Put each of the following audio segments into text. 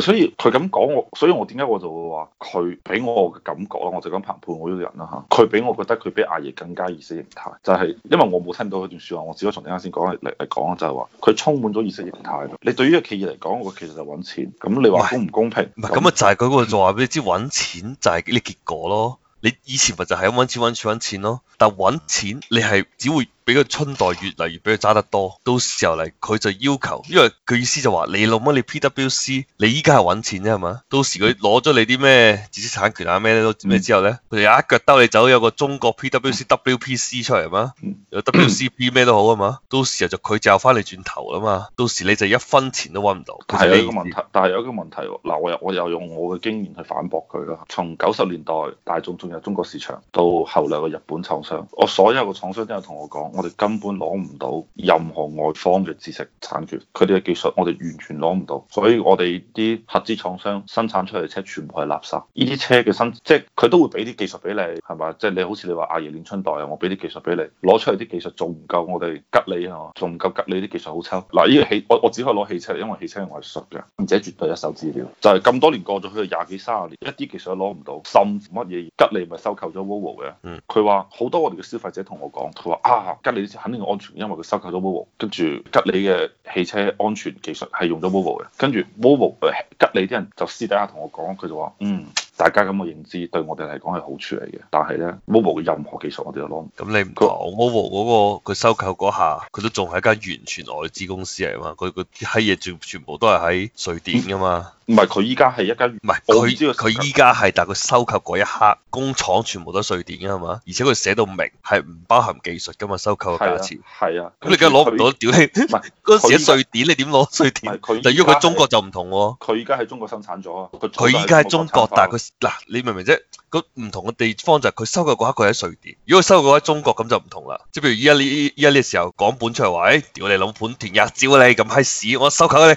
所以佢咁講我，所以我點解我就會話佢俾我嘅感覺咯，我就咁評判我呢個人啦嚇，佢俾我覺得佢比阿爺更加意識形態，就係因為我冇聽到佢段説話，我只可以從你啱先講嚟嚟講就係話佢充滿咗意識形態咯。你對於一個企業嚟講，我其實就揾錢咁，你話公唔公平喂？唔係咁啊，就係佢個就話俾你知揾錢就係呢啲結果咯。你以前咪就係咁揾錢揾錢揾錢咯，但揾錢你係只會。俾個春代越嚟越俾佢揸得多，到時候嚟佢就要求，因為佢意思就話、是、你老母你 P W C，你依家係揾錢啫係嘛？到時佢攞咗你啲咩知識產權啊咩咧，咩之後呢，佢就一腳兜你走，有個中國 P W C W P C 出嚟係嘛？有 W C P 咩都好啊嘛咳咳，到時候就佢就返你轉頭啊嘛，到時你就一分錢都揾唔到。係一個問題，但係有一個問題，嗱我又我又用我嘅經驗去反駁佢啦，從九十年代大眾進入中國市場，到後來嘅日本廠商，我所有嘅廠商都有同我講。我哋根本攞唔到任何外方嘅知識產權，佢哋嘅技術我哋完全攞唔到，所以我哋啲合資廠商生產出嚟嘅車全部係垃圾。呢啲車嘅新，即係佢都會俾啲技術俾你，係嘛？即係你好似你話阿爺年春代啊，我俾啲技術俾你，攞出嚟啲技術仲唔夠我哋吉利啊，仲唔夠吉利啲技術好抽嗱？呢個汽，我我只可以攞汽車嚟，因為汽車我係熟嘅，而且絕對一手資料。就係咁多年過咗去廿幾三十年，一啲技術都攞唔到，甚乜嘢吉利咪收購咗 Volvo 嘅？佢話好多我哋嘅消費者同我講，佢話啊。吉利呢次肯定安全，因為佢收購咗 Volvo 跟住吉利嘅汽車安全技術係用咗 Volvo 嘅，跟住 Volvo 吉利啲人就私底下同我講佢就話，嗯。大家咁嘅認知對我哋嚟講係好處嚟嘅，但係咧，Volvo 任何技術我哋都攞唔到。咁你唔講 Volvo 嗰個佢收購嗰下，佢都仲係間完全外資公司嚟嘛？佢佢啲閪嘢全全部都係喺瑞典㗎嘛？唔係佢依家係一家唔係，佢佢依家係，但係佢收購嗰一刻工廠全部都喺瑞典㗎嘛？而且佢寫到明係唔包含技術㗎嘛？收購嘅價錢係啊。咁、啊、你梗係攞唔到屌你唔係嗰時瑞典，你點攞瑞典？但係因為佢中國就唔同喎、啊。佢依家喺中國生產咗啊！佢依家喺中國，但係佢。嗱，你明唔明啫？咁唔同嘅地方就係佢收購嗰刻，佢喺瑞典；如果收購喺中國，咁就唔同啦。即係譬如依家呢依家呢時候講本、欸、本田出嚟話，誒，調諗本田日招你咁，係屎！我收購你，誒、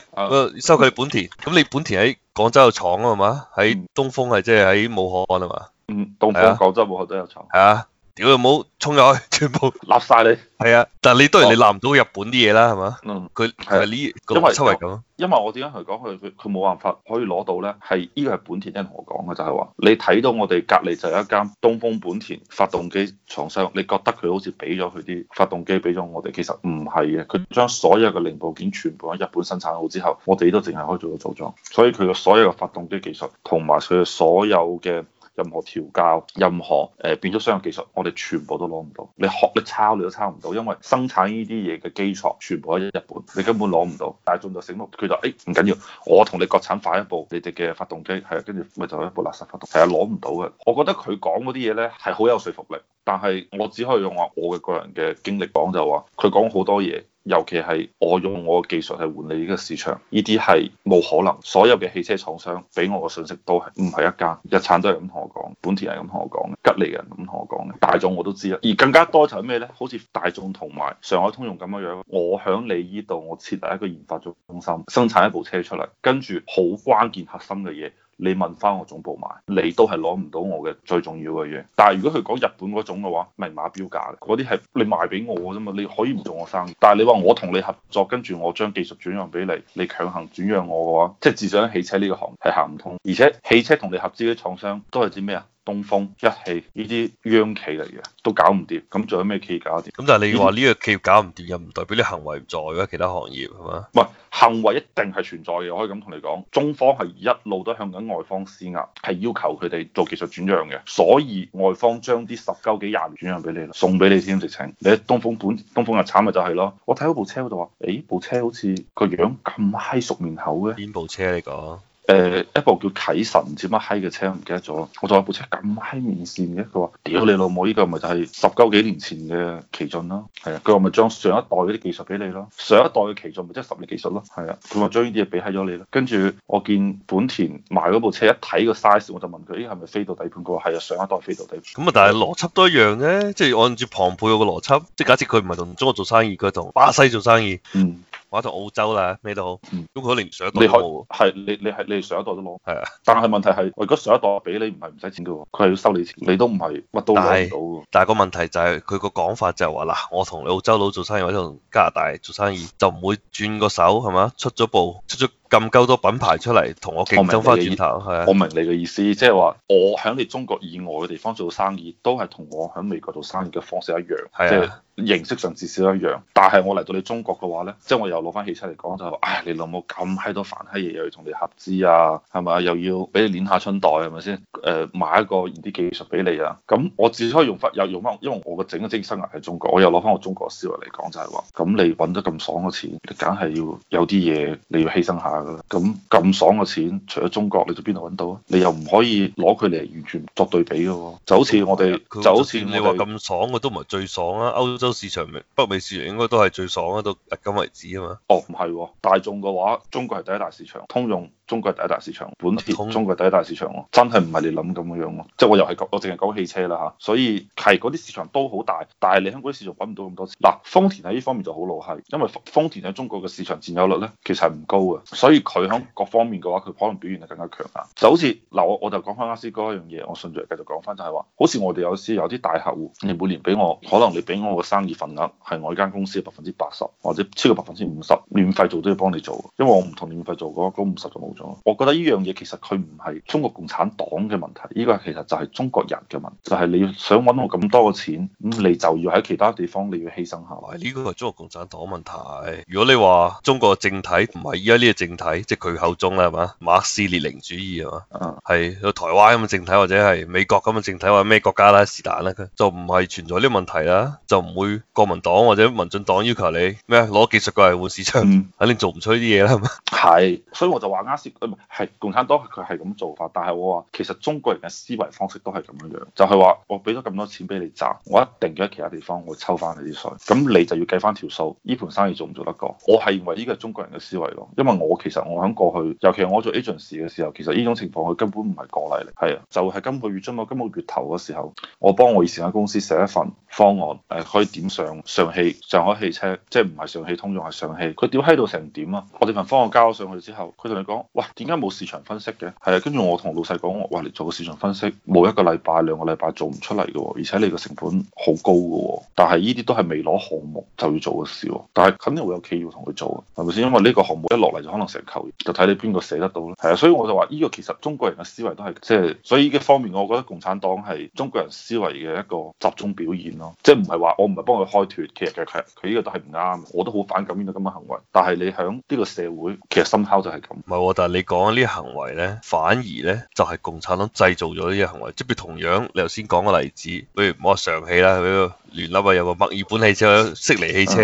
啊，收購本田。咁你本田喺廣州有廠啊嘛？喺、嗯、東風係即係喺武漢啊嘛？嗯，東風、廣、啊、州、武漢都有廠。吓、嗯？屌又冇沖入，要要去全部立晒你。係啊，但係你當然你立唔到日本啲嘢啦，係嘛？嗯，佢係呢個思維咁。因為，不因為我點解同佢講佢佢佢冇辦法可以攞到咧？係呢個係本田同我講嘅就係、是、話，你睇到我哋隔籬就有一間東風本田發動機廠商，你覺得佢好似俾咗佢啲發動機俾咗我哋，其實唔係嘅，佢將所有嘅零部件全部喺日本生產好之後，我哋都淨係可以做咗組裝，所以佢嘅所有嘅發動機技術同埋佢嘅所有嘅。任何調校，任何誒變速箱嘅技術，我哋全部都攞唔到。你學，你抄你都抄唔到，因為生產呢啲嘢嘅基礎全部喺日本，你根本攞唔到。大眾就醒目，佢就誒，唔緊要，我同你國產快一步，你哋嘅發動機係，跟住咪就一部垃圾發動機，係啊，攞唔到嘅。我覺得佢講嗰啲嘢咧係好有說服力，但係我只可以用我我嘅個人嘅經歷講就話，佢講好多嘢。尤其係我用我嘅技術去換你呢個市場，呢啲係冇可能。所有嘅汽車廠商俾我嘅信息都係唔係一間，日產都係咁同我講，本田係咁同我講，吉利人咁同我講，大眾我都知啊。而更加多就係咩呢？好似大眾同埋上海通用咁樣樣，我喺你呢度，我設立一個研發中心，生產一部車出嚟，跟住好關鍵核心嘅嘢。你問翻我總部買，你都係攞唔到我嘅最重要嘅嘢。但係如果佢講日本嗰種嘅話，明碼標價嘅，嗰啲係你賣俾我啫嘛，你可以唔做我生意。但係你話我同你合作，跟住我將技術轉讓俾你，你強行轉讓我嘅話，即係至少喺汽車呢個行業係行唔通。而且汽車同你合資嘅廠商都係指咩啊？東風、一汽呢啲央企嚟嘅，都搞唔掂。咁仲有咩企業搞掂？咁但係你話呢個企業搞唔掂，又唔代表你行為唔在嘅其他行業係嘛？唔係行為一定係存在嘅，我可以咁同你講。中方係一路都向緊外方施壓，係要求佢哋做技術轉讓嘅，所以外方將啲十鳩幾廿唔轉讓俾你啦，送俾你先直情。你喺東風本、東風日產咪就係咯。我睇到部車嗰度話，誒、哎，部車好似個樣咁閪熟面口嘅。邊部車你講？誒、呃、一部叫啟辰唔知乜閪嘅車，唔記得咗。我仲有部車咁閪面線嘅。佢話：屌你老母！呢、這個咪就係十鳩幾年前嘅奇駿咯。係啊，佢話咪將上一代嗰啲技術俾你咯。上一代嘅奇駿咪即係十年技術咯。係啊，佢話將呢啲嘢俾咗你咯。跟住我見本田賣嗰部車一睇個 size，我就問佢：誒係咪飛度底盤？佢話係啊，上一代飛度底盤。咁啊，但係邏輯都一樣嘅，即係按照旁配嗰個邏輯，即係假設佢唔係同中國做生意，佢喺度巴西做生意。嗯。話就澳洲啦，咩都好，咁佢可能上一代都係你你係你，你，你上一代都冇。係啊。但係問題係，如果上一代俾你，唔係唔使錢嘅喎，佢係要收你錢，你都唔係乜都買到。但係個問題就係佢個講法就係話嗱，我同澳洲佬做生意，我同加拿大做生意，就唔會轉個手係嘛？出咗步，出咗。咁鳩多品牌出嚟同我競爭翻轉頭，我明你嘅意思，即係話我喺你，、就是、你中國以外嘅地方做生意，都係同我喺美國做生意嘅方式一樣，即係是的 形式上至少一樣。但係我嚟到你中國嘅話咧，即、就、係、是、我又攞翻汽車嚟講就是，唉、哎，你老母咁閪多煩閪嘢，又要同你合資啊，係咪又要俾你攣下春袋係咪先？誒、呃，買一個啲技術俾你啊。咁我至可以用翻又用翻，因為我整個整個職業生涯喺中國，我又攞翻我中國思維嚟講就係、是、話，咁你揾得咁爽嘅錢，梗係要有啲嘢你要犧牲下。咁咁爽嘅錢，除咗中國，你到邊度揾到啊？你又唔可以攞佢嚟完全作對比嘅喎。就好似我哋，就，我就好似你話咁爽，嘅我哋都唔係最爽啦。歐洲市場未，北美市場應該都係最爽啦，到日今為止啊嘛。哦，唔係、哦，大眾嘅話，中國係第一大市場，通用。中國第一大市場，本田中國第一大市場喎，啊、真係唔係你諗咁嘅樣咯，即係我又係我淨係講汽車啦嚇，所以係嗰啲市場都好大，但係你香港啲市場揾唔到咁多錢。嗱，豐田喺呢方面就好老係，因為豐田喺中國嘅市場佔有率咧其實係唔高嘅，所以佢喺各方面嘅話，佢可能表現得更加強硬。就好似嗱，我我就講翻啱先一樣嘢，我順序嚟繼續講翻就係、是、話，好似我哋有時有啲大客戶，你每年俾我，可能你俾我嘅生意份額係我依間公司嘅百分之八十，或者超過百分之五十，免費做都要幫你做，因為我唔同免費做嗰嗰五十就冇咗。我覺得呢樣嘢其實佢唔係中國共產黨嘅問題，依個其實就係中國人嘅問題，就係、是、你想揾我咁多嘅錢，咁你就要喺其他地方你要犧牲下。呢個係中國共產黨嘅問題。如果你話中國嘅政體唔係依家呢個政體，即係佢口中啦，係嘛？馬克思列寧主義係嘛？係、嗯、台灣咁嘅政體，或者係美國咁嘅政體，或者咩國家啦，是但啦，佢就唔係存在呢個問題啦，就唔會國民黨或者民進黨要求你咩攞技術過嚟換市場，肯定、嗯、做唔出呢啲嘢啦。係，所以我就話唔係，係共產黨佢係咁做法，但係我話其實中國人嘅思維方式都係咁樣樣，就係話我俾咗咁多錢俾你賺，我一定要喺其他地方我會抽翻你啲水。咁你就要計翻條數，呢盤生意做唔做得過？我係認為呢個係中國人嘅思維咯，因為我其實我喺過去，尤其我做 agency 嘅時候，其實呢種情況佢根本唔係個例嚟，係啊，就係今個月中嘛，今個月頭嘅時候，我幫我以前間公司寫一份方案，誒可以點上上汽上海汽車，即係唔係上汽通用係上汽，佢屌閪到成點啊！我哋份方案交上去之後，佢同你講。哇，點解冇市場分析嘅？係啊，跟住我同老細講，哇，你做個市場分析，冇一個禮拜、兩個禮拜做唔出嚟嘅，而且你個成本好高嘅。但係呢啲都係未攞項目就要做嘅事，但係肯定會有企業要同佢做，係咪先？因為呢個項目一落嚟就可能成日球，就睇你邊個寫得到咧。係啊，所以我就話呢個其實中國人嘅思維都係即係，所以呢方面，我覺得共產黨係中國人思維嘅一個集中表現咯。即係唔係話我唔係幫佢開脫，其實其實佢呢個都係唔啱，我都好反感呢個咁嘅行為。但係你響呢個社會，其實深口就係咁。嗱，你講呢啲行為咧，反而咧就係共產黨製造咗呢啲行為，即係同樣你頭先講個例子，譬如唔好話上氣啦，佢。亂立啊！有個墨爾本汽車、悉尼汽車，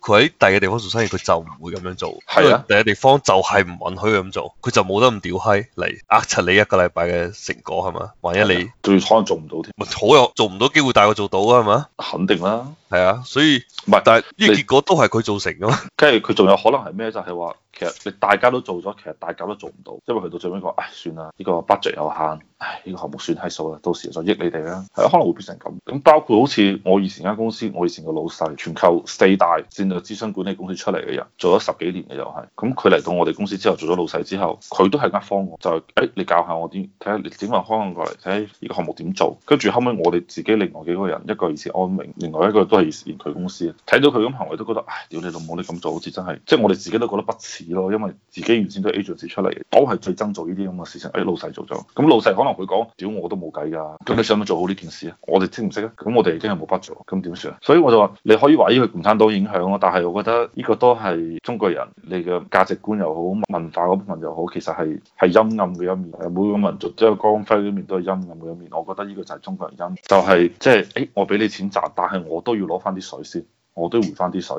佢喺第二個地方做生意，佢就唔會咁樣做。係啊，第二個地方就係唔允許咁做，佢就冇得咁屌閪嚟呃柒你一個禮拜嘅成果係嘛？萬一你最可能做唔到添，好有做唔到機會，但係佢做到噶係嘛？肯定啦，係啊，所以唔係，是但係呢個結果都係佢造成噶嘛？跟住佢仲有可能係咩？就係、是、話，其實你大家都做咗，其實大家都做唔到，因為去到最尾講，唉，算啦，呢、這個 budget、這個這個這個這個、有限。呢個項目算係數啦，到時再益你哋啦。係可能會變成咁。咁包括好似我以前間公司，我以前個老細，全球四大戰略諮詢管理公司出嚟嘅人做咗十幾年嘅又係。咁佢嚟到我哋公司之後做咗老細之後，佢都係呃方我。就係誒你教下我點睇下你點樣方案過嚟，睇下呢個項目點做。跟住後尾我哋自己另外幾個人，一個以前安永，另外一個都係以前佢公司，睇到佢咁行為都覺得唉，屌你老母你咁做，好似真係，即係我哋自己都覺得不似咯，因為自己原先都 agent 出嚟，都係最憎做呢啲咁嘅事情。誒、哎、老細做咗，咁老細可能。佢講屌我都冇計㗎，咁你想唔想做好呢件事啊？我哋知唔知啊？咁我哋已經係冇法做。咁點算啊？所以我就話你可以話呢個共產黨影響咯，但係我覺得呢個都係中國人你嘅價值觀又好，文化嗰部分又好，其實係係陰暗嘅一面。每個民族都有光輝嗰面，都係陰暗嘅一面。我覺得呢個就係中國人陰，就係即係誒，我俾你錢賺，但係我都要攞翻啲水先，我都要回翻啲水。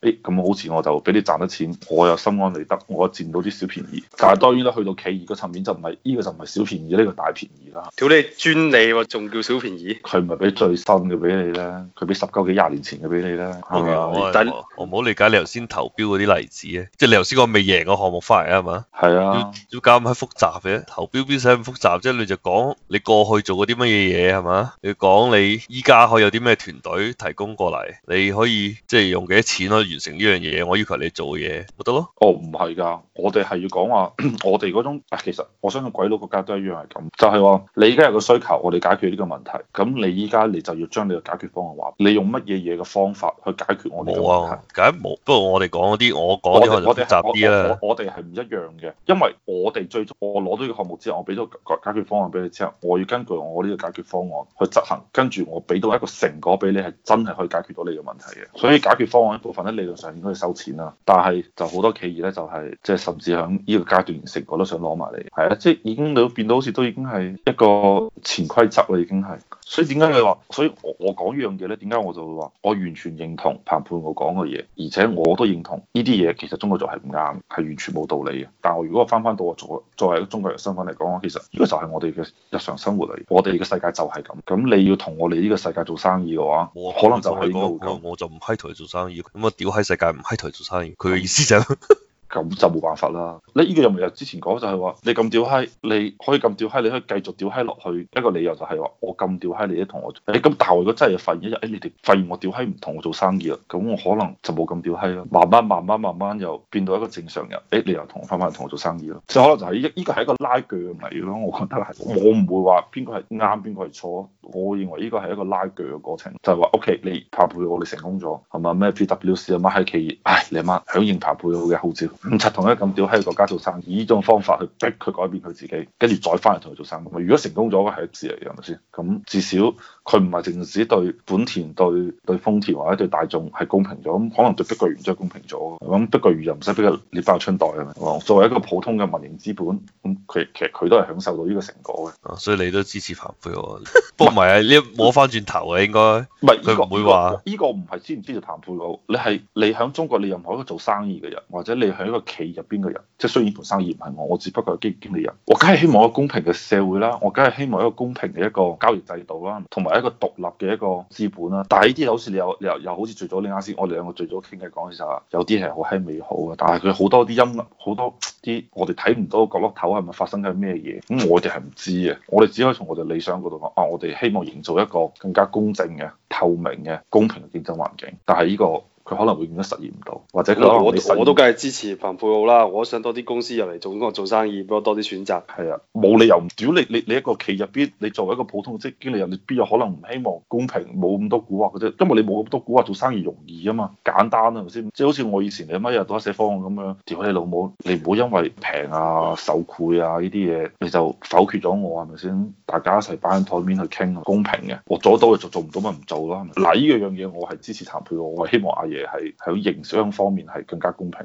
誒咁、哎、好似我就俾你賺得錢，我又心安理得，我佔到啲小便宜。但係當然啦，去到企業個層面就唔係呢個就唔係小便宜，呢、呢個大便宜啦。屌你專利喎，仲叫小便宜？佢唔係俾最新嘅俾你啦，佢俾十九幾廿年前嘅俾你啦。係啊，我唔好理解你頭先投標嗰啲例子啊，即係你頭先講未贏個項目翻嚟啊嘛。係啊，要要搞咁閪複雜嘅投標邊使咁複雜？即係你就講你過去做過啲乜嘢嘢係嘛？你講你依家可以有啲咩團隊提供過嚟？你可以即係用幾多錢完成呢樣嘢，我要求你做嘢，得咯？哦，唔係㗎，我哋係要講話， 我哋嗰種，其實我相信鬼佬國、國家都一樣係咁，就係、係、話你而家有個需求，我哋解決呢個問題，咁你依家你就要將你個解決方案話，你用乜嘢嘢嘅方法去解決我哋嘅問題？梗係冇，不過我哋講嗰啲，我講嗰啲，我哋係唔一樣嘅，因為我哋最終我攞到呢個項目之後，我俾咗個解決方案俾你之後，我要根據我呢個解決方案去執行，跟住我俾到一個成果俾你，係真係可以解決到你嘅問題嘅。所以解決方案一部分咧。理論上應該去收錢啦，但係就好多企業咧就係、是、即係甚至響呢個階段成個都想攞埋嚟，係啊，即係已經你都變到好似都已經係一個潛規則啦，已經係。所以點解佢話？所以我我講呢樣嘢咧，點解我就會話我完全認同彭判我講嘅嘢，而且我都認同呢啲嘢其實中國就係唔啱，係完全冇道理嘅。但係我如果翻翻到我作作為一個中國人身份嚟講，其實呢個就係我哋嘅日常生活嚟，我哋嘅世界就係咁。咁你要同我哋呢個世界做生意嘅話，我可能就係我我就唔喺同你做生意，咁我屌喺世界唔喺同你做生意。佢嘅意思就係。 咁就冇辦法啦。你依個又咪又之前講就係話你咁屌閪，你可以咁屌閪，你可以繼續屌閪落去。一個理由就係話我咁屌閪，你都同我做、欸大欸。你咁但係如果真係發現一日，誒你哋發現我屌閪唔同我做生意啦，咁我可能就冇咁屌閪啦。慢慢慢慢慢慢又變到一個正常人，誒、欸、你又同我翻翻嚟同我做生意咯。即係可能就係呢依個係一個拉鋸嚟咯，我覺得係。我唔會話邊個係啱，邊個係錯。我認為呢個係一個拉鋸嘅過程，就係、是、話 OK 你拍背我，你成功咗，同埋咩 PWC 啊，乜係企業，唉你阿媽響應拍背我嘅號召。唔，七同一咁屌喺嘅國家做生意。以呢種方法去逼佢改變佢自己，跟住再翻嚟同佢做生意。如果成功咗嘅係一事嚟，係咪先？咁至少佢唔係淨止對本田、對對豐田或者對大眾係公平咗，咁可能對碧桂園真係公平咗。咁碧桂園又唔使逼佢獵豹春代啊？嘛，作為一個普通嘅民營資本，咁其其實佢都係享受到呢個成果嘅。所以你都支持談判喎？不唔係啊？呢摸翻轉頭啊，應該唔係佢唔會話呢個唔係知唔知道談判喎？你係你喺中國，你任何一個做生意嘅人，或者你喺一個企業入邊嘅人，即係雖然盤生意唔係我，我只不過係基經理人，我梗係希望一個公平嘅社會啦，我梗係希望一個公平嘅一個交易制度啦，同埋一個獨立嘅一個資本啦。但係呢啲好似你又又又好似，最早你啱先，我哋兩個最早傾偈講嘅時候，有啲係好喺美好嘅，但係佢好多啲音樂，好多啲我哋睇唔到角落頭係咪發生緊咩嘢，咁我哋係唔知嘅，我哋只可以從我哋理想嗰度講。啊，我哋希望營造一個更加公正嘅、透明嘅、公平嘅競爭環境。但係呢個。佢可能會永遠都實現唔到，或者佢可我我，我都梗係支持彭佩奧啦，我想多啲公司入嚟做咁個做生意，俾我多啲選擇。係啊，冇理由。唔。要你你你一個企入邊，你作為一個普通嘅職經理人，你邊有可能唔希望公平，冇咁多古惑嘅啫。因為你冇咁多古惑，做生意容易啊嘛，簡單啊，係咪先？即係好似我以前你乜日都寫方案咁樣，屌你老母，你唔好因為平啊、受賄啊呢啲嘢，你就否決咗我係咪先？大家一齊擺喺台面去傾，公平嘅。我做得到就做唔到咪唔做咯，係咪？嗱，呢樣嘢我係支持彭佩奧，我係希望阿係喺營商方面係更加公平。